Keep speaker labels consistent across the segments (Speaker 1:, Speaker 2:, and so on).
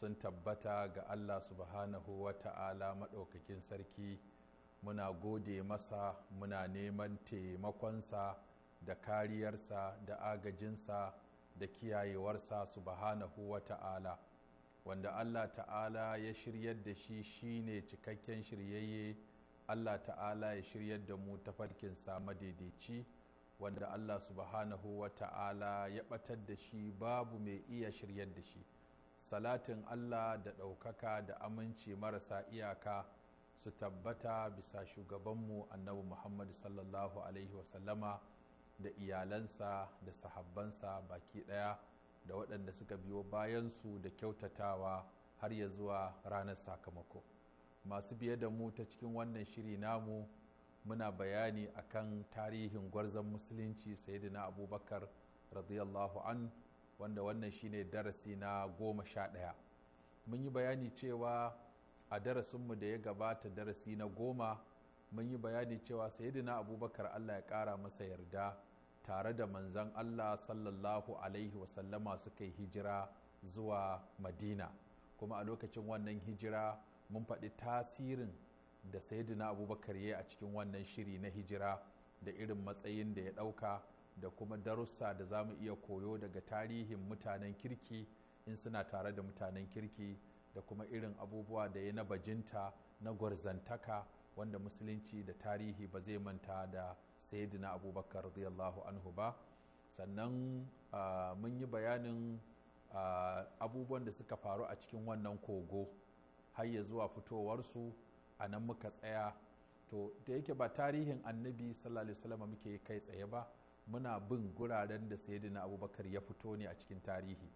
Speaker 1: sun tabbata ga Allah subhanahu wa ta'ala maɗaukakin sarki muna gode masa muna neman taimakonsa da kariyarsa da agajinsa da kiyayewarsa subhanahu wa ta'ala wanda Allah ta'ala ya shiryar da shi shi ne cikakken shiryayye Allah ta'ala ya shiryar da mu ta tafarkinsa madaidaici wanda Allah subhanahu wa ta'ala ya ɓatar da shi babu mai iya shiryar da shi. salatin Allah da ɗaukaka da aminci marasa iyaka su tabbata bisa shugabanmu annabi Muhammad sallallahu Alaihi wasallama da iyalansa da sahabbansa baki ɗaya da waɗanda suka biyo bayansu da kyautatawa har ya zuwa ranar sakamako masu biye da mu ta cikin wannan shiri namu muna bayani akan tarihin gwarzon musulunci sayyidina abubakar radiyallahu an wanda wannan shine darasi na goma sha ɗaya mun yi bayani cewa a darasinmu da ya gabata darasi na goma mun yi bayani cewa sayidina abubakar allah ya ƙara masa yarda tare da manzan allah sallallahu alaihi wasallama suka yi hijira zuwa madina kuma a lokacin wannan hijira mun faɗi tasirin da sayidina abubakar ya yi a cikin wannan shiri na hijira da irin matsayin da ya ɗauka da kuma darussa da za mu iya koyo daga tarihin mutanen kirki in suna tare da mutanen kirki da kuma irin abubuwa da ya na bajinta na gwarzantaka wanda musulunci da tarihi ba zai manta da sayidina abubakar radiyallahu anhu ba sannan uh, mun yi bayanin uh, abubuwan da suka faru a cikin wannan kogo har ya zuwa fitowarsu a nan muka tsaya to da yake ba tarihin annabi sallallahu alaihi wasallam muke kai tsaye ba muna bin guraren da sayyidina abubakar ya fito ne a cikin tarihi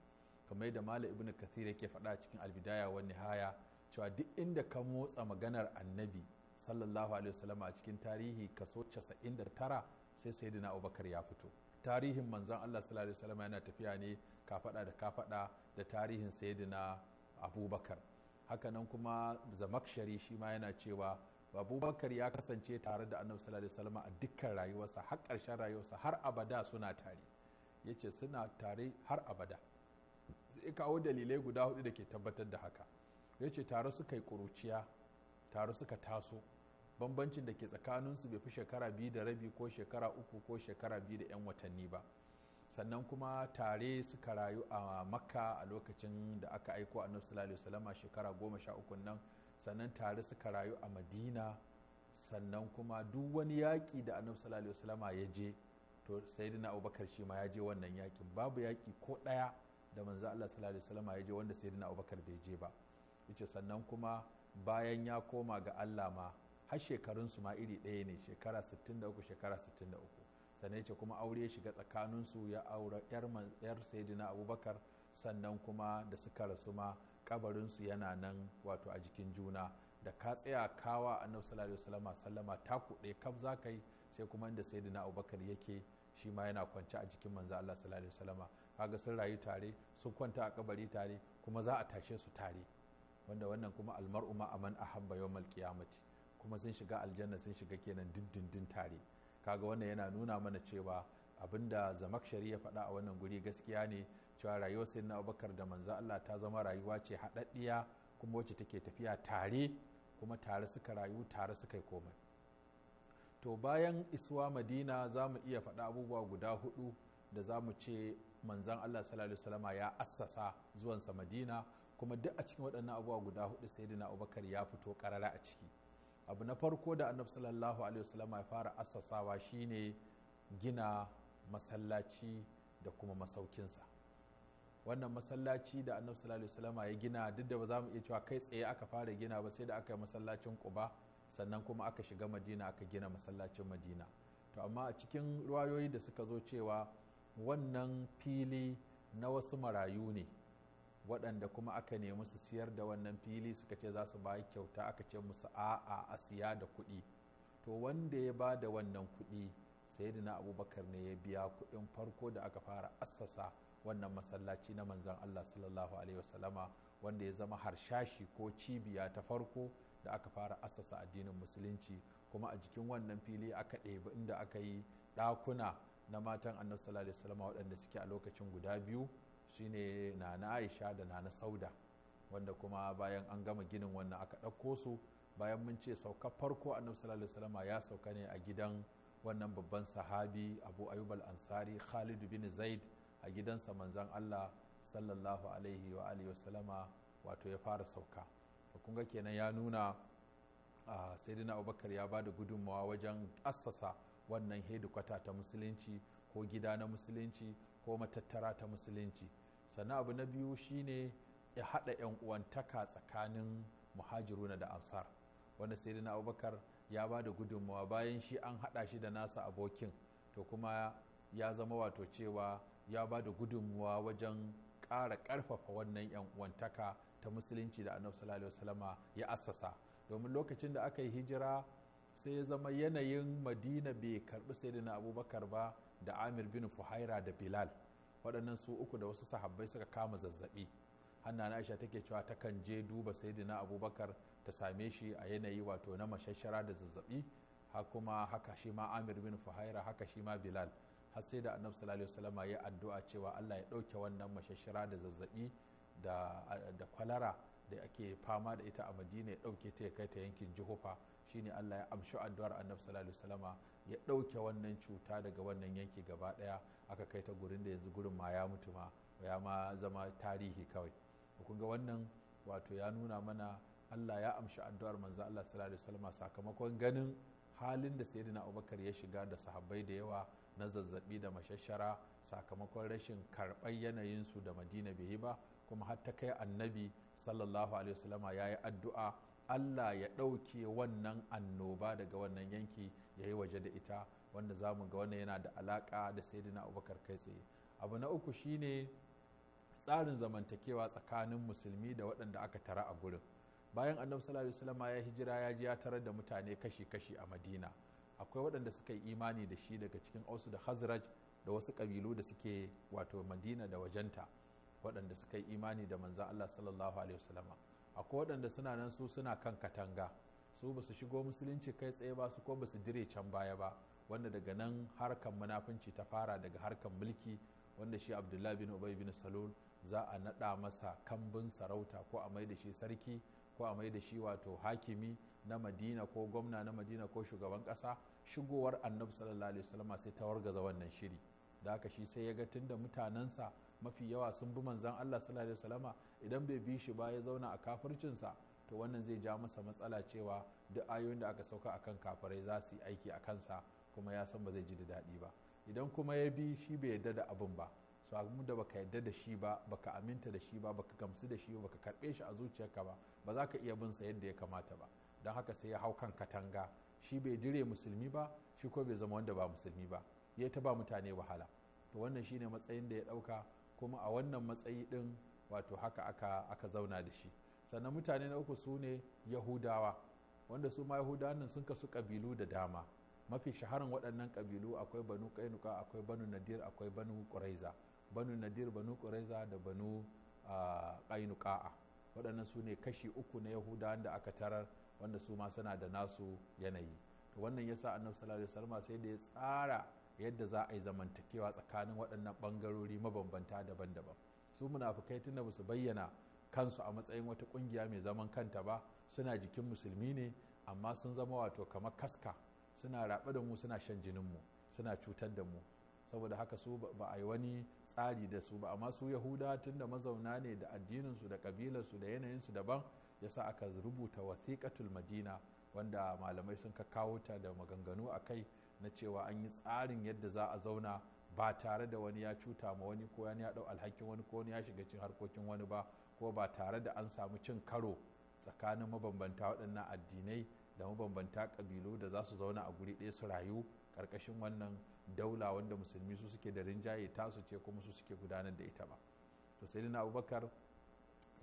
Speaker 1: kamar da malam ibnu kathir yake faɗa a cikin albidaya wa nihaya cewa duk inda ka motsa maganar annabi sallallahu alaihi wasallam a cikin tarihi kaso 99 sai sayyidina abubakar ya fito tarihin manzon Allah sallallahu alaihi wasallam yana tafiya ne kafaɗa da kafaɗa, da tarihin na abubakar hakanan kuma zamakshari shi ma yana cewa abubakar ya kasance tare da annabi sallallahu alaihi wasallam a dukkan rayuwarsa har ƙarshen rayuwarsa har abada suna tare yace suna tare har abada sai kawo dalilai guda hudu da ke tabbatar da haka yace tare suka yi ƙuruciya tare suka taso bambancin da ke tsakaninsu bai fi shekara biyu da rabi ko shekara uku ko shekara biyu da 'yan watanni ba sannan kuma tare suka rayu a makka a lokacin da aka aiko annabi sallallahu alaihi wasallam shekara goma sha uku nan sannan tare suka rayu a madina sannan kuma duk wani yaƙi da annabi sallallahu alaihi wasallama ya je to sayyidina abubakar shi ma ya je wannan yaƙin babu yaƙi ko ɗaya da manzo Allah sallallahu alaihi wasallama ya je wanda sayyidina abubakar bai je ba yace sannan kuma bayan ya koma ga Allah ma har su ma iri ɗaya ne shekara 63 shekara 63 sannan yace kuma aure ya shiga su ya aure yar sayyidina abubakar sannan kuma da suka rasu ma kabarinsu yana nan wato a jikin juna da ka tsaya kawa annabi sallallahu alaihi wasallama ta kuɗe kaf za ka yi sai kuma inda sayyidina abubakar yake shi ma yana kwance a jikin manzo Allah sallallahu alaihi wasallama kaga sun rayu tare sun kwanta a kabari tare kuma za a tashe su tare wanda wannan kuma almar'u ma aman ahabba yawmal qiyamati kuma sun shiga aljanna sun shiga kenan dindindin tare ka ga wannan yana nuna mana cewa abinda zamakshari ya faɗa a wannan guri gaskiya ne cewa rayuwar sai na abubakar da manzo Allah ta zama rayuwa ce haɗaɗɗiya kuma wacce take tafiya tare kuma tare suka rayu tare suka yi komai to bayan isuwa madina za mu iya faɗa abubuwa guda hudu da za mu ce manzan Allah sallallahu ya assasa zuwansa madina kuma duk a cikin waɗannan abubuwa guda hudu da abubakar ya fito ƙarara a ciki abu na farko da annabi sallallahu alaihi ya fara assasawa shine gina masallaci da kuma masaukinsa wannan masallaci da annabi sallallahu alaihi wasallama ya gina duk da ba za mu iya cewa kai tsaye aka fara gina ba sai da aka yi masallacin quba sannan kuma aka shiga madina aka gina masallacin madina to amma a cikin ruwayoyi da suka zo cewa wannan fili na wasu marayu ne waɗanda kuma aka nemi su siyar da wannan fili suka ce za su bayi kyauta aka ce musu a'a a siya da kuɗi to wanda ya ba da wannan kuɗi sayyidina abubakar ne ya biya kuɗin farko da aka fara assasa wannan masallaci na manzan Allah sallallahu alaihi wasallama wanda ya zama harshashi ko cibiya ta farko da aka fara assasa addinin musulunci kuma a jikin wannan fili aka ɗebi inda aka yi ɗakuna na matan annabi sallallahu alaihi wasallama waɗanda suke a lokacin guda biyu shine na Aisha da na Sauda wanda kuma bayan an gama ginin wannan aka ɗauko su bayan mun ce sauka farko annabi sallallahu alaihi wasallama ya sauka ne a gidan wannan babban sahabi abu ayyub al-ansari khalid bin zaid a gidansa manzan Allah sallallahu alaihi wa alihi wasallama wato ya fara sauka Da kenan ya nuna uh, sayyidina abubakar ya ba da gudunmawa wajen assasa wannan hedikwata ta musulunci ko gida na musulunci ko matattara ta musulunci sannan abu na biyu shine ya haɗa 'yan uwantaka tsakanin muhajiruna da ansar wanda sayyidina abubakar ya ba da gudunmawa bayan shi an haɗa shi da nasa abokin to kuma ya zama wato cewa ya ba da gudunmuwa wajen ƙara ƙarfafa wannan 'yan ta musulunci da annabi sallallahu alaihi ya assasa domin lokacin da aka yi hijira sai ya zama yanayin madina bai karbi sayyidina abubakar ba da amir bin fuhaira da bilal waɗannan su uku da wasu sahabbai suka kama zazzabi hannan aisha take cewa ta kan je duba sayyidina abubakar ta same shi a yanayi wato na mashashara da zazzabi ha kuma haka shi ma amir bin fuhaira haka shi ma bilal har sai da annabi sallallahu alaihi wasallam ya addu'a cewa Allah ya ɗauke wannan mashashira da zazzabi da da kwalara da ake fama da ita a Madina ya ɗauke ta ya kai ta yankin Jihufa shine Allah ya amshi addu'ar annabi sallallahu alaihi wasallam ya ɗauke wannan cuta daga wannan yanki gaba ɗaya aka kai ta gurin da yanzu gurin ma ya mutu ma ya ma zama tarihi kawai kun ga wannan wato ya nuna mana Allah ya amshi addu'ar manzo Allah sallallahu alaihi wasallam sakamakon ganin halin da sayyidina Abubakar ya shiga da sahabbai da yawa na zazzabi da mashashara sakamakon rashin karɓar yanayinsu da madina bai yi ba kuma har ta kai annabi sallallahu alaihi wasallama ya yi addu'a allah ya ɗauke wannan annoba daga wannan yanki ya yi waje da ita wanda za mu ga wannan yana da alaƙa da saidina abubakar kai tsaye abu na uku shine tsarin zamantakewa tsakanin musulmi da waɗanda aka tara a gurin bayan annabi sallallahu alaihi wasallama ya hijira ya ji ya tarar da mutane kashi-kashi a madina akwai waɗanda suka yi imani da shi daga cikin ausu da hazraj da wasu ƙabilu da suke wato madina da wajenta waɗanda suka yi imani da manzan allah sallallahu alaihi wasallama akwai waɗanda suna nan su suna kan katanga su basu shigo musulunci kai tsaye ba su ko ba su dire can baya ba wanda daga nan harkan munafunci ta fara daga harkan mulki wanda shi abdullahi bin ubay bin salul za a naɗa masa kambun sarauta ko a mai da shi sarki ko a mai da shi wato hakimi na madina ko gwamna na madina ko shugaban kasa, shigowar annabi sallallahu alaihi wasallam sai ta wargaza wannan shiri da haka shi sai ya ga tunda mutanensa mafi yawa sun bi manzan Allah sallallahu alaihi wasallama idan bai bi shi ba ya zauna a kafircinsa to wannan zai ja masa matsala cewa duk ayoyin da aka sauka akan kafirai za su yi aiki a kansa kuma ya san ba zai ji da daɗi ba idan kuma ya bi shi bai yarda da abin ba so mu da baka yarda da shi ba baka aminta da shi ba baka gamsu da shi ba baka karbe shi a zuciyarka ba ba za ka iya bin sa yadda ya kamata ba don haka sai ya hau kan katanga shi bai dire musulmi ba shi ko bai zama wanda ba musulmi ba ya ta ba mutane wahala to wannan shine matsayin da ya ɗauka kuma a wannan matsayi ɗin wato haka aka, aka zauna da shi sannan mutane na uku su ne yahudawa wanda su ma yahudawan nan sun kasu kabilu da dama mafi shaharan waɗannan kabilu akwai banu kainuka akwai banu nadir akwai banu ƙuraiza banu nadir banu ƙuraiza da banu Kainuka ah, waɗannan su ne kashi uku na yahudawan da aka tarar wanda su ma suna da nasu yanayi to wannan yasa annabi sallallahu alaihi wasallam sai da ya tsara yadda za a yi zamantakewa tsakanin waɗannan bangarori mabambanta daban-daban su munafukai tunda ba su bayyana kansu a matsayin wata ƙungiya mai zaman kanta ba suna jikin musulmi ne amma sun zama wato kamar kaska suna raɓe da mu suna shan jinin mu suna cutar da mu saboda haka su ba a yi wani tsari da su ba amma su yahuda tunda mazauna ne da addinin su da kabilar su da yanayin su daban Ya sa aka rubuta wasiƙatul madina wanda malamai sun kawo ta da maganganu a kai na cewa an yi tsarin yadda za a zauna ba tare da wani ya cuta ma wani ko wani ya ɗau alhakin wani ko wani ya shiga cin harkokin wani ba ko ba tare da an samu cin karo tsakanin mabambanta waɗannan addinai da mabambanta ƙabilu da za su zauna a guri ɗaya su rayu ƙarƙashin wannan daula wanda musulmi su suke da rinjaye tasu ce kuma su suke gudanar da ita ba to sai abubakar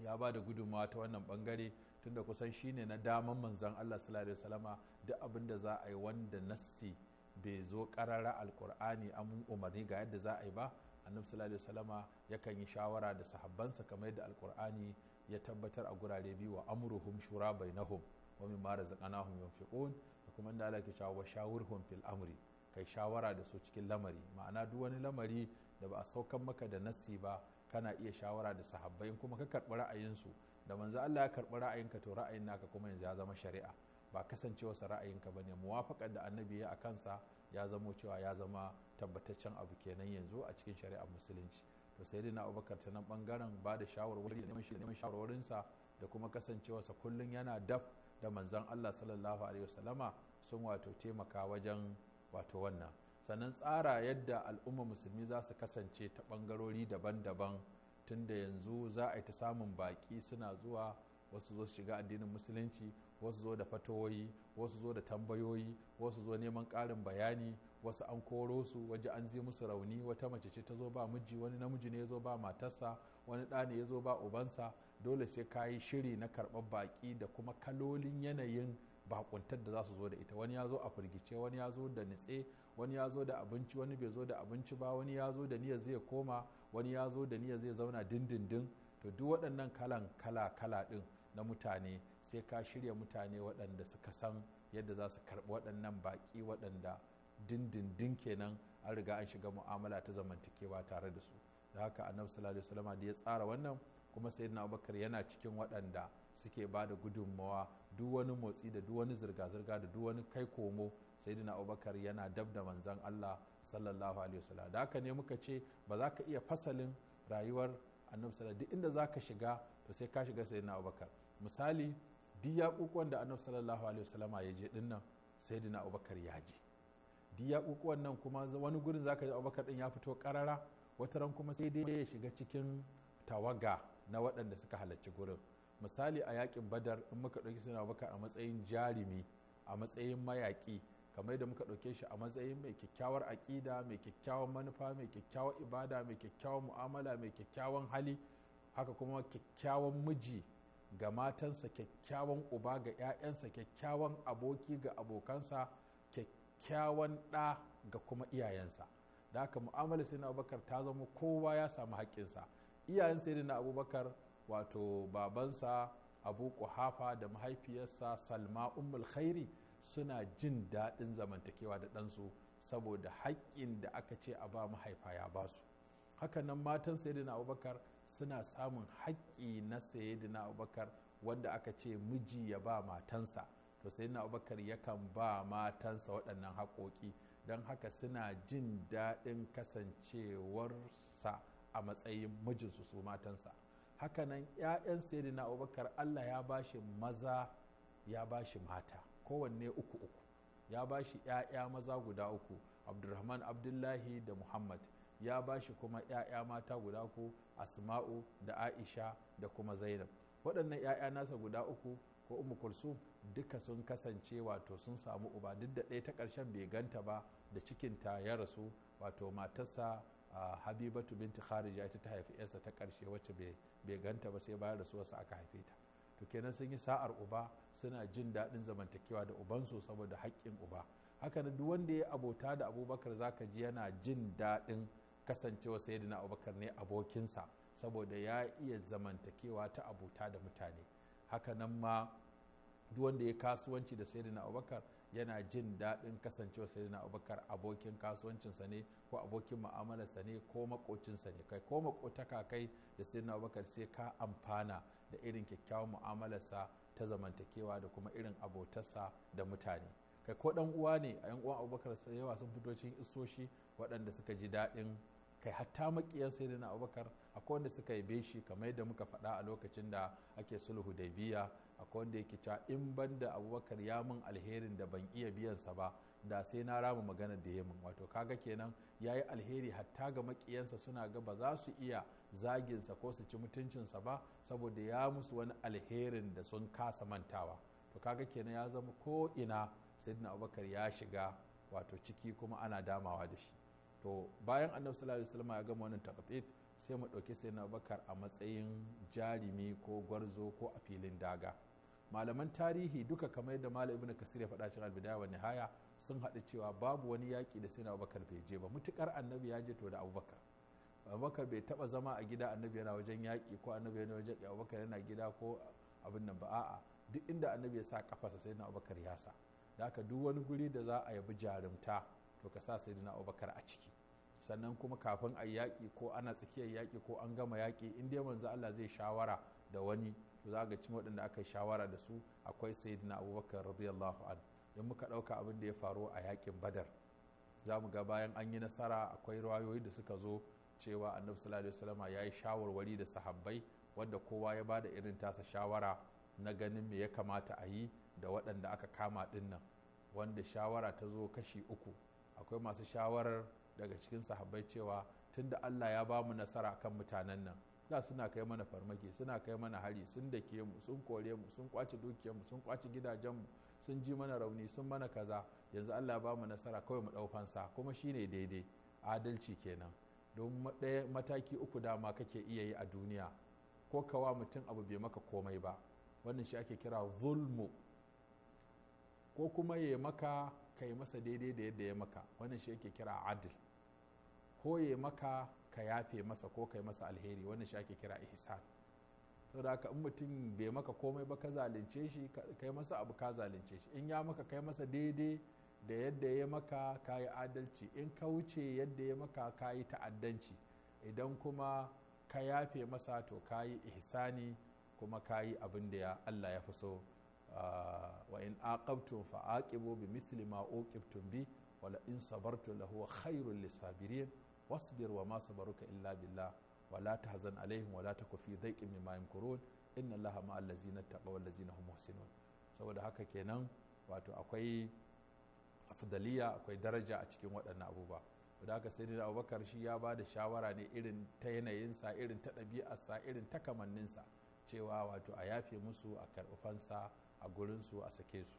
Speaker 1: ya ba da gudunmawa ta wannan bangare tunda kusan shine na daman manzan Allah sallallahu alaihi wasallama duk abin da za a yi wanda nassi bai zo karara alkur'ani an umarni ga yadda za a yi ba annabi sallallahu alaihi wasallama yakan yi shawara da sahabbansa kamar yadda alkur'ani ya tabbatar a gurare biyu wa amruhum shura bainahum wa mimma razaqnahum yunfiqun da kuma inda Allah ke cewa fil amri kai shawara da su cikin lamari ma'ana duk wani lamari da ba a saukan maka da nassi ba kana iya shawara da sahabbai kuma ka karɓi ra'ayinsu da manzo Allah ya karɓi ra'ayinka to ra'ayin naka kuma yanzu ya zama shari'a ba sa ra'ayinka ba ne muwafaƙar da annabi ya a kansa ya zama cewa ya zama tabbataccen abu kenan yanzu a cikin shari'ar musulunci to sai dai na abubakar ta nan bangaren ba da shawarwari da da kuma sa kullum yana daf da manzon Allah sallallahu alaihi wasallama sun wato taimaka wajen wato wannan sannan tsara yadda al'umma musulmi za su kasance ta ɓangarori daban-daban tunda yanzu za a yi ta samun baƙi suna zuwa wasu zo su shiga addinin musulunci wasu zo da fatoyi wasu zo da tambayoyi wasu zo neman ƙarin bayani wasu an koro su waje an zi musu rauni wata mace ce ta zo ba miji wani namiji ne ya zo ba matarsa wani ɗa ne ya zo ba ubansa dole sai ka yi shiri na karɓar baƙi da kuma kalolin yanayin bakuntar da za su zo da ita wani ya zo a firgice wani ya zo da nitse wani ya zo da abinci wani bai zo da abinci ba wani ya zo da niyyar zai koma wani ya zo da niyyar zai zauna dindindin to duk waɗannan kalan kala kala ɗin na mutane sai ka shirya mutane waɗanda suka san yadda za su karɓi waɗannan baƙi waɗanda dindindin kenan an riga an shiga mu'amala ta zamantakewa tare da su da haka annabi sallallahu alaihi wasallam da ya tsara wannan kuma sayyidina abubakar yana cikin waɗanda suke ba da gudunmawa duk wani motsi da duk wani zirga-zirga da duk wani kai komo sayyidina abubakar yana dab da manzan allah sallallahu alaihi wasallam da haka ne muka ce ba za ka iya fasalin rayuwar annabi sallallahu duk inda za ka shiga to sai ka shiga sayyidina abubakar misali duk yaƙuƙuwan da annabi sallallahu alaihi wasallama ya je dinnan, nan sayyidina abubakar ya je duk yaƙuƙuwan nan kuma wani gurin za ka ji abubakar din ya fito karara wata ran kuma sai dai ya shiga cikin tawaga na waɗanda suka halarci gurin misali a yakin badar in muka ɗauki sayyidina Abubakar a matsayin jarumi a matsayin mayaƙi kamar da muka ɗauke shi a matsayin mai kyakkyawar aƙida mai kyakkyawar manufa mai kyakkyawar ibada mai kyakkyawar mu'amala mai kyakkyawan hali haka kuma kyakkyawan miji ga matansa kyakkyawan uba ga 'ya'yansa kyakkyawan aboki ga abokansa kyakkyawan ɗa ga kuma iyayensa da haka mu'amala sai na abubakar ta zama kowa ya samu haƙƙinsa iyayen sai na abubakar wato babansa abu kuhafa da mahaifiyarsa salma umul khairi suna jin daɗin zamantakewa da ɗansu saboda haƙƙin da aka ce a ba mahaifa ya ba su hakanan matan sayidina abubakar suna samun haƙƙi na sayidina abubakar wanda aka ce miji ya ba matansa to sayidina abubakar yakan ba matansa waɗannan haƙoƙi don haka suna jin daɗin kasancewarsa a matsayin mijinsu su matansa hakanan 'ya'yan sayidina abubakar allah ya ba shi maza ya ba shi mata kowanne uku uku ya ba shi ‘ya'ya maza guda uku abdulrahman abdullahi da muhammad ya ba shi kuma ‘ya'ya mata guda uku asma'u da aisha da kuma zainab waɗannan ‘ya'ya nasa guda uku ko umu kulsum duka sun kasance wato sun samu uba duk da ɗaya ta ƙarshen bai ganta ba da cikinta ya rasu wato matarsa habibatu binti kharija ita ta haifi yarsa ta ƙarshe wacce bai ganta ba sai bayan wasu aka haife ta to kenan sun yi sa'ar uba suna jin daɗin zamantakewa da ubansu saboda haƙƙin uba haka duk wanda ya abota da abubakar zaka ji yana jin daɗin kasancewa na abubakar ne abokinsa saboda ya iya zamantakewa ta abota da mutane haka nan ma duk wanda ya kasuwanci da na abubakar yana jin daɗin kasancewa sai abubakar abokin kasuwancinsa ne ko abokin mu'amalarsa ne ko makocinsa ne kai ko makotaka kai da sai na abubakar sai ka amfana da irin kyakkyawan mu'amalarsa ta zamantakewa da kuma irin abotarsa da mutane kai ko ɗan uwa ne a yan uwan abubakar sai yawa sun fito cikin isoshi waɗanda suka ji daɗin kai hatta makiyan sai na abubakar akwai wanda suka yabe shi kamar yadda muka faɗa a lokacin da ake sulhu da biya akwai wanda yake cewa in ban da abubakar ya min alherin da ban iya biyansa ba da sai na rama magana da ya min wato kaga kenan ya yi alheri hatta ga makiyansa suna ga ba za su iya zaginsa ko su ci mutuncinsa ba saboda ya musu wani alherin da sun kasa mantawa to kaga kenan ya zama ko ina sayyidina abubakar ya shiga wato ciki kuma ana damawa da shi to bayan annabi sallallahu alaihi wasallam ya gama wannan taqtit sai mu ɗauki sayyidina abubakar a matsayin jarimi ko gwarzo ko a filin daga malaman tarihi duka kamar yadda malam ibnu kasir ya faɗa cikin albidaya wa nihaya sun haɗa cewa babu wani yaƙi da sai na abubakar bai je ba mutukar annabi ya je to da abubakar abubakar bai taɓa zama a gida annabi yana wajen yaƙi ko annabi yana wajen yaƙi abubakar yana gida ko abin nan ba a'a duk inda annabi ya sa kafarsa sai na abubakar ya sa da haka duk wani guri da za a yabi jarumta to ka sa sai na abubakar a ciki sannan kuma kafin a yaƙi ko ana tsakiyar yaƙi ko an gama yaƙi in dai manzo Allah zai shawara da wani za ga cin waɗanda aka yi shawara da su akwai sayyidina abubakar radiyallahu an in muka ɗauka abin da ya faru a yakin badar za mu ga bayan an yi nasara akwai rayoyi da suka zo cewa annabi sallallahu alaihi ya yi shawarwari da sahabbai wanda kowa ya bada irin tasa shawara na ganin me ya kamata a yi da waɗanda aka kama ɗin nan wanda shawara ta zo kashi uku akwai masu shawarar daga cikin sahabbai cewa tunda Allah ya ba mu nasara kan mutanen nan da suna kai mana farmaki suna kai mana hari sun dake mu sun kore mu sun kwace dukiyarmu sun kwace gidajenmu sun ji mana rauni sun mana kaza yanzu Allah ba mu nasara kawai mu dau fansa kuma shine daidai adalci kenan don ɗaya mataki uku dama kake iya yi a duniya ko kawa mutum abu bai maka komai ba wannan shi ake kira zulmu ko kuma ya maka ka masa daidai da yadda ya maka wannan shi ake kira adil ko ya maka ka yafe masa ko kai masa alheri wannan shi ake kira ihsan saboda haka in mutum bai maka komai ba ka zalunce shi kai masa abu ka zalunce shi in ya maka kai masa daidai da yadda ya maka ka yi adalci in ka wuce yadda ya maka ka yi ta'addanci idan kuma ka yafe masa to ka yi ihsani kuma ka yi abin da ya allah ya fi so ah, wa in aqabtum fa aqibu bi misli ma uqibtum bi wala in sabartum lahu khairul lisabirin wasbir wa masu baruka illa billah wala ta tahzan alaihim wala ta taku fi dhaiqin mimma yamkurun inna allaha ma'al ladzina taqaw saboda haka kenan wato akwai afdaliya akwai daraja a cikin waɗannan abubuwa da haka sai da abubakar shi ya ba da shawara ne irin ta yanayinsa irin ta ɗabi'arsa irin ta kamanninsa cewa wato a yafe musu a karɓi fansa a gurinsu a sake su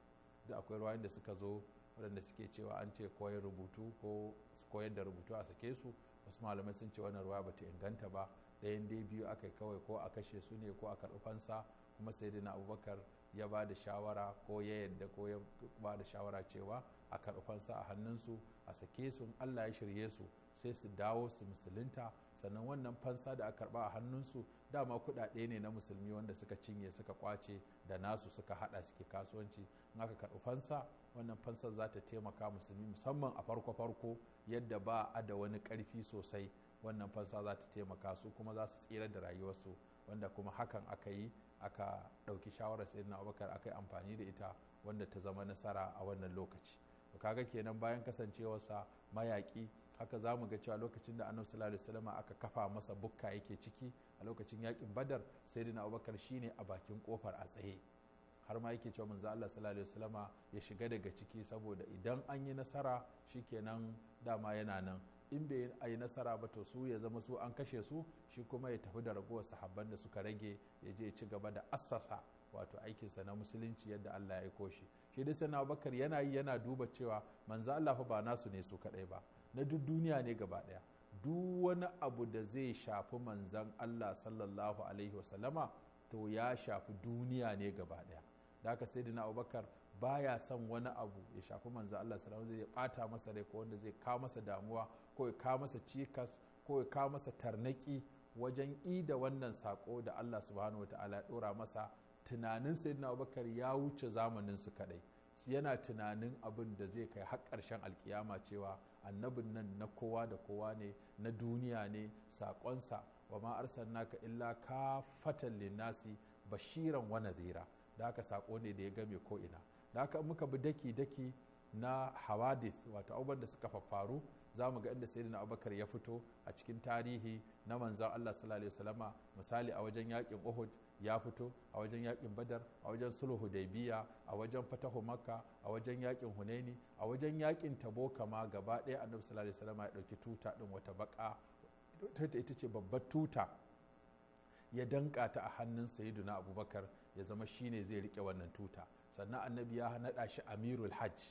Speaker 1: duk akwai ruwan da suka zo waɗanda suke cewa an ce koyar rubutu ko koyar da rubutu a sake su wasu malamai sun ce wannan ruwa bata inganta ba ɗayan dai biyu aka yi kawai ko a kashe su ne ko a karɓi fansa kuma sai na abubakar ya ba da shawara ko ya yadda ko ya ba da shawara cewa a karɓi fansa a hannunsu a sake su allah ya shirye su sai su dawo su musulunta sannan wannan fansa da aka karɓa a hannunsu dama kuɗaɗe ne na musulmi wanda suka cinye suka kwace da nasu suka hada suke kasuwanci in aka karɓi fansa wannan fansar za ta taimaka musulmi musamman a farko farko yadda ba a da wani karfi sosai wannan fansa za ta taimaka su kuma za su tsira da rayuwarsu wanda kuma hakan aka yi aka ɗauki shawarar na abubakar aka yi amfani da ita wanda ta zama nasara a wannan lokaci kaga kenan bayan kasancewarsa mayaƙi haka za mu ga cewa lokacin da annabi sallallahu alaihi aka kafa masa bukka yake ciki a lokacin yakin badar sai sayyidina abubakar shine a bakin kofar a tsaye har ma yake cewa manzo Allah sallallahu alaihi ya shiga daga ciki saboda idan an yi nasara shikenan dama yana nan in bai yi nasara ba to su ya zama su an kashe su shi kuma ya tafi da ragowar sahabban da suka rage ya je ci gaba da assasa wato aikinsa na musulunci yadda Allah ya aiko shi shi dai na Abubakar yana yi yana duba cewa manzo Allah fa ba nasu ne su kadai ba na duk duniya ne gaba ɗaya duk wani abu da zai shafi manzan Allah sallallahu alaihi wasallama to ya shafi duniya ne gaba ɗaya da haka sai dina abubakar baya son wani abu ya shafi manzan Allah sallallahu alaihi zai masa rai ko zai kawo masa damuwa ko kawo masa cikas ko kawo masa tarnaki wajen i da wannan sako da Allah subhanahu wataala ya dora masa tunanin sayyidina abubakar ya wuce zamanin su kadai yana tunanin abin da zai kai har ƙarshen alkiyama cewa annabin nan na kowa da kowa ne na duniya ne saƙonsa wa ma naka illa ka fatan linnasi bashiran wa nadhira da haka saƙo ne da ya game ko ina da haka muka bi daki daki na hawadith wato abubuwan da suka faffaru za mu ga inda sayyidina abubakar ya fito a cikin tarihi na manzan allah sallallahu alaihi wasallama misali a wajen yakin uhud ya fito a wajen yakin badar a wajen sulhu hudaybiya a wajen fatahu makka a wajen yakin hunaini a wajen yakin tabo kama gaba ɗaya annabi sallallahu alaihi wasallam ya ɗauki tuta ɗin wata baka ita ce babbar tuta ya danka ta a hannun sayyiduna abubakar ya zama shine zai rike wannan tuta sannan annabi ya naɗa shi amirul hajj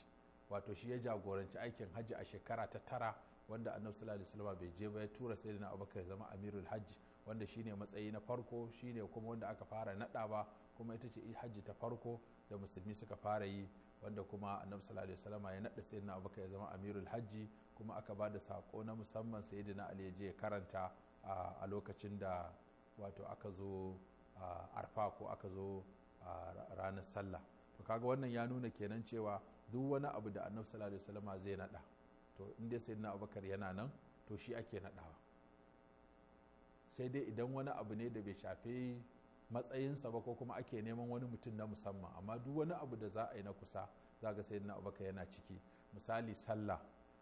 Speaker 1: wato shi ya jagoranci aikin hajji a shekara ta tara wanda annabi sallallahu alaihi wasallam bai je ba ya tura sayyiduna abubakar ya zama amirul hajj wanda shine matsayi na farko shine kuma wanda aka fara naɗa ba kuma ita ce hajji ta farko da musulmi suka fara yi wanda kuma annabi sallallahu alaihi wasallam ya naɗa na abubakar ya zama amirul hajji kuma aka ba da sako na musamman sayyidina ali ya je karanta a lokacin da wato aka zo arfa ko aka zo ranar sallah to kaga wannan ya nuna kenan cewa duk wani abu da annabi sallallahu alaihi wasallam zai naɗa to in dai sayyidina abubakar yana nan to shi ake naɗawa sai dai idan wani abu ne da bai shafe matsayinsa ba ko kuma ake neman wani mutum na musamman amma duk wani abu da za a yi na kusa za ga sai na abubakar yana ciki misali sallah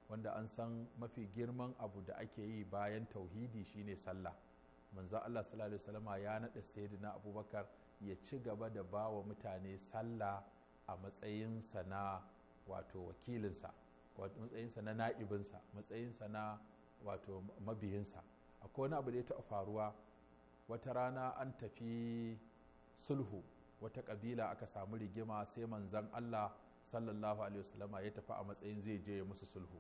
Speaker 1: wanda an san mafi girman abu da ake yi bayan tauhidi shine sallah manzo Allah sallallahu alaihi wasallama ya nada sayyidina abubakar ya ci gaba da ba wa mutane sallah a matsayinsa na wato wakilinsa matsayinsa na na'ibinsa matsayinsa na wato mabiyinsa akwai wani abu da ya taɓa faruwa wata rana an tafi sulhu wata ƙabila aka samu rigima sai manzan allah sallallahu alaihi wasallama ya tafi a matsayin zai je musu sulhu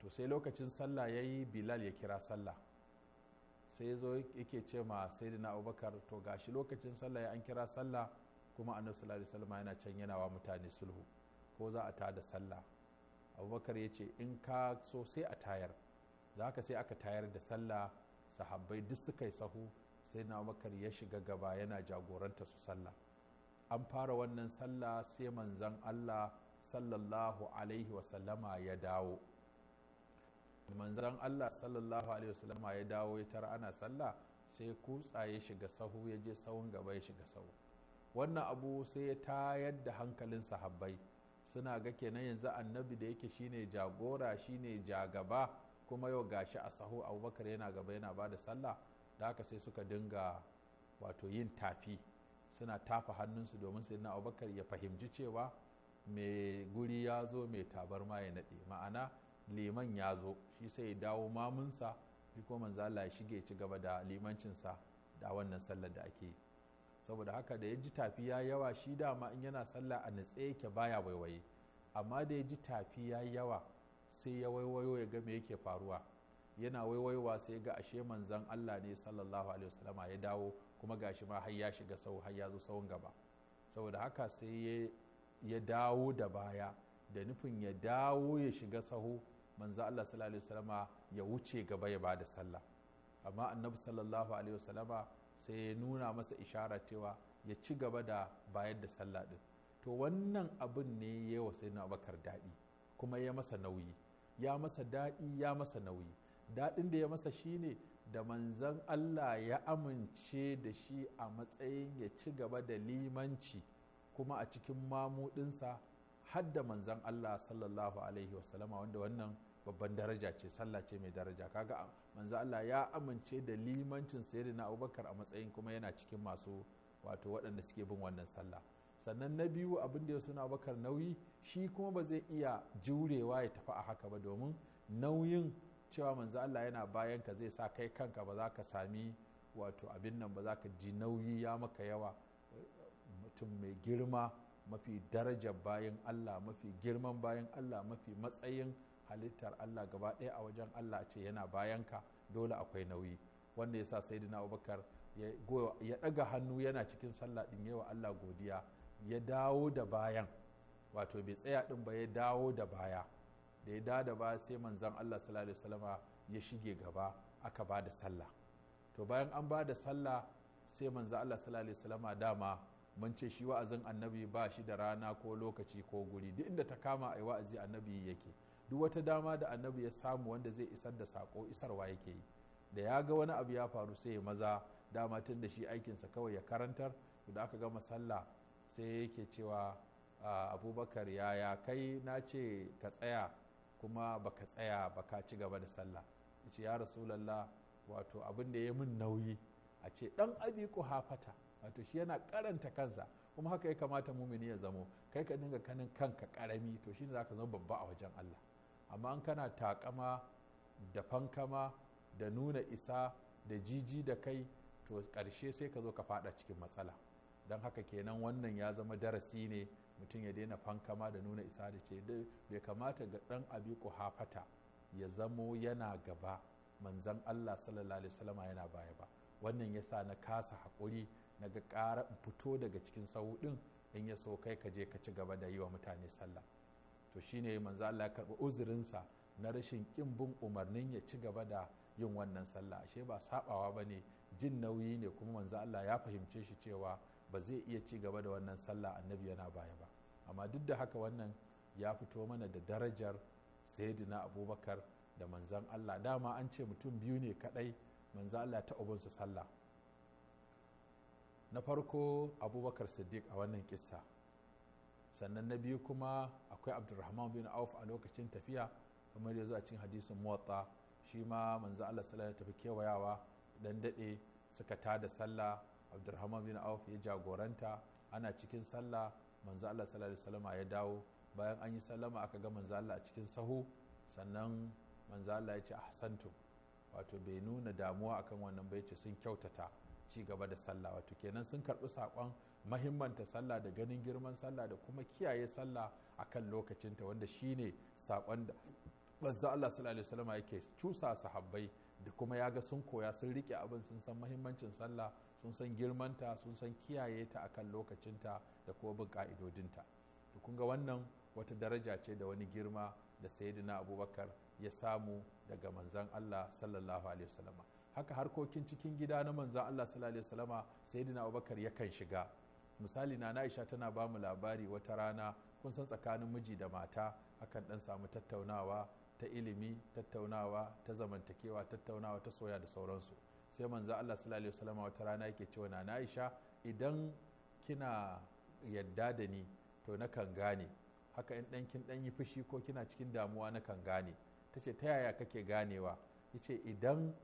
Speaker 1: to sai lokacin sallah ya yi bilal ya kira sallah sai zo yake ce ma sayyidina abubakar to gashi lokacin sallah ya an kira sallah kuma annabi sallallahu alaihi wasallama yana can yana wa mutane sulhu ko za a tada sallah abubakar ya ce in ka so sai a tayar Za ka sai aka tayar da sallah sahabbai duk suka yi sahu sai na bakar ya shiga gaba yana jagoranta su sallah an fara wannan sallah sai manzan allah sallallahu alaihi wasallama ya dawo manzan allah sallallahu alaihi wasallama ya dawo ya tara ana sallah sai kutsa ya shiga sahu ya je sahun gaba ya shiga sahu wannan abu sai ya tayar da hankalin sahabbai suna ga kenan yanzu annabi da yake shine jagora shine jagaba kuma yau gashi a sahu abubakar yana gaba yana ba da sallah da haka sai suka dinga wato yin tafi suna tafa hannunsu domin sayyidina abubakar ya fahimci cewa mai guri ya zo mai tabarma ya naɗe ma'ana liman ya zo shi sai ya dawo mamunsa shi ko manzala ya shige ci gaba da limancinsa da wannan sallar da ake yi saboda haka da ya ji tafi ya yawa shi dama in yana sallah a nutse yake baya waiwaye amma da ya ji tafi ya yawa sai ya waiwayo ya ga yake faruwa yana waiwaiwa sai ga ashe manzan Allah ne sallallahu alaihi wasallama ya dawo kuma gashi ma har ya shiga sau har ya zo sawun gaba saboda haka sai ya dawo da baya da nufin ya dawo ya shiga sahu manzo Allah sallallahu alaihi wasallama ya wuce gaba ya bada sallah amma annabi sallallahu alaihi wasallama sai ya nuna masa ishara cewa ya ci gaba da bayar da sallah din to wannan abin ne ya yi wa sayyidina abakar daɗi kuma ya masa nauyi ya masa daɗi ya masa nauyi daɗin da ya masa shine da manzan Allah ya amince da shi a matsayin ya ci gaba da limanci kuma a cikin mamudinsa hadda da manzan Allah sallallahu alaihi wasallama wanda wannan babban daraja ce sallah ce mai daraja kaga manzan Allah ya amince da limancin sayyidina Abubakar a matsayin kuma yana cikin masu wato waɗanda suke bin wannan sallah sannan na biyu abinda da ya suna bakar nauyi shi kuma ba zai iya jurewa ya tafi a haka ba domin nauyin cewa manzo Allah yana bayan ka zai sa kai kanka ba za ka sami wato abin nan ba za ka ji nauyi ya maka yawa mutum mai girma mafi darajar bayan Allah mafi girman bayan Allah mafi matsayin halittar Allah gaba ɗaya a wajen Allah ce yana bayan ka dole akwai nauyi wanda ya sa na abubakar ya ɗaga hannu yana cikin sallah ɗin yawa Allah godiya ya dawo da bayan wato bai tsaya din ba ya dawo da baya da ya dawo da baya sai manzan Allah sallallahu alaihi ya shige gaba aka ba da sallah to bayan an ba da sallah sai manzan Allah sallallahu alaihi dama mun ce shi wa'azin annabi ba shi da rana ko lokaci ko guri duk inda ta kama ai wa'azi annabi yake duk wata dama da annabi ya samu wanda zai isar da sako isarwa yake yi da ya ga wani abu ya faru sai ya maza dama tun da shi aikinsa kawai ya karantar da aka gama sallah sai yake cewa abubakar ya ya kai na ce ka tsaya kuma baka tsaya baka ci gaba da sallah ce ya lalla, wato abin da ya min nauyi a ce dan abi hafata wato shi yana karanta kansa kuma haka ya kamata mumini ya zamo kai ka dinga kanin kanka karami to shi za ka zama babba a wajen Allah amma an kana takama da fankama da nuna isa da jiji da kai to karshe sai ka zo ka fada cikin matsala don haka kenan wannan ya zama darasi ne mutum ya daina fankama da nuna isa da ce bai kamata ga ɗan abi hafata ya zamo yana gaba manzan allah sallallahu alaihi wasallama yana baya ba wannan ya sa na kasa haƙuri na ga ƙara fito daga cikin sauɗin in ya so kai ka je ka ci gaba da yi wa mutane sallah to shine manzan allah ya karɓi uzurinsa na rashin ƙin bin umarnin ya ci gaba da yin wannan sallah ashe ba sabawa ba ne jin nauyi ne kuma manzan allah ya fahimce shi cewa ba zai iya ci gaba da wannan sallah annabi yana baya ba amma duk da haka wannan ya fito mana da darajar sayyidina abubakar da manzan allah dama an ce mutum biyu ne kadai manzan allah ta ubansu sallah na farko abubakar siddiq a wannan kissa sannan na biyu kuma akwai abdulrahman bin auf a lokacin tafiya kamar ya zo a cikin hadisin muwatta shi ma manzo Allah sallallahu tafi kewayawa dan dade suka tada sallah Abdulrahman bin auf ya jagoranta ana cikin sallah manzo Allah sallallahu alaihi wasallam ya dawo bayan an yi sallama aka ga manzo Allah a cikin sahu sannan manzo Allah ya ce ahsantu wato bai nuna damuwa akan wannan bai ce sun kyautata ci gaba da sallah wato kenan sun karbi sakon mahimmanta sallah da ganin girman sallah da kuma kiyaye sallah akan lokacinta wanda shine sakon da manzo Allah sallallahu alaihi wasallam yake cusa sahabbai da kuma ya ga sun koya sun rike abin sun san mahimmancin sallah sun san girmanta sun san kiyaye ta a kan lokacinta da kuma bin ka'idodinta to kun ga wannan wata daraja ce da wani girma da sayyidina abubakar ya samu daga manzan allah sallallahu alaihi wasallama haka harkokin cikin gida na manzan allah sallallahu alaihi wasallama sayyidina abubakar yakan shiga misali na aisha tana ba mu labari wata rana kun san tsakanin miji da mata akan dan samu tattaunawa ta ilimi tattaunawa ta zamantakewa tattaunawa ta soya da sauransu sai manzo Allah sallallahu alaihi wasallam wata rana yake cewa na Aisha idan kina yadda da ni to na kan gane haka in dan kin dan yi fushi ko kina cikin damuwa na kan gane tace ta yaya kake ganewa yace idan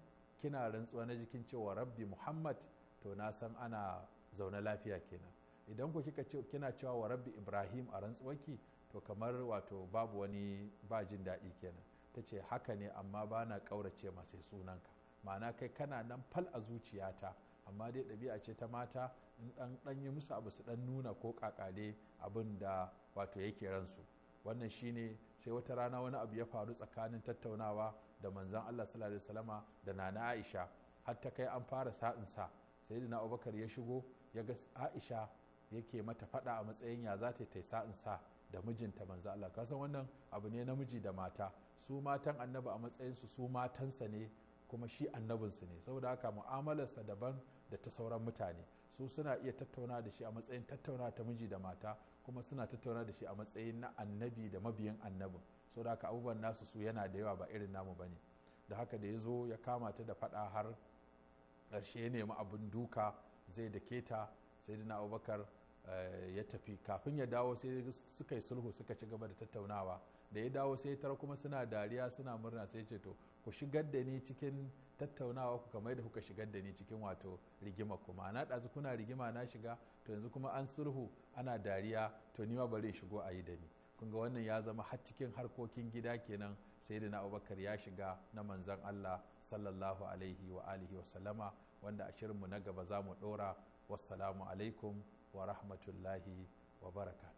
Speaker 1: kina rantsuwa na jikin cewa rabbi Muhammad to na san ana zaune lafiya kenan idan ku kika ce kina cewa wa rabbi Ibrahim a rantsuwarki to kamar wato babu wani ba jin daɗi kenan ta ce haka ne amma ba na ƙaurace ma sunanka ma'ana kai kana nan fal a zuciyata amma dai ɗabi'a ce ta mata in ɗan ɗan yi musu abu su ɗan nuna ko ƙaƙale abin da wato yake ransu wannan shine sai wata rana wani abu ya faru tsakanin tattaunawa da manzan Allah sallallahu alaihi wasallama da nana Aisha har ta kai an fara sa'in sa sai da Abubakar ya shigo ya ga Aisha yake mata faɗa a matsayin ya za ta yi sa'in sa da mijinta manzan Allah kasan wannan abu ne namiji da mata su matan annabi a matsayinsu su matansa ne kuma shi annabinsu ne saboda haka mu'amalarsa daban da ta sauran mutane su suna iya tattauna da shi a matsayin tattauna ta miji da mata kuma suna tattauna da shi a matsayin na annabi da mabiyan annabin saboda haka abubuwan nasu su yana da yawa ba irin namu ba ne. da haka da ya zo ya kama ta da faɗa har ƙarshe ya nemi abin duka zai da keta sai dina abubakar eh, ya tafi kafin ya dawo sai suka yi sulhu suka ci gaba da tattaunawa da ya dawo sai tara kuma suna dariya suna murna sai ce to ku shigar da ni cikin tattaunawa ku kamar da kuka shigar da ni cikin wato rigima ku ma'ana ɗazu kuna rigima na shiga to yanzu kuma an sulhu ana dariya to ni ma bari shigo a yi da ni kun ga wannan ya zama har cikin harkokin gida kenan sai da na abubakar ya shiga na manzan allah sallallahu alaihi wa alihi wa sallama wanda a shirinmu na gaba za mu ɗora wassalamu alaikum wa rahmatullahi wa baraka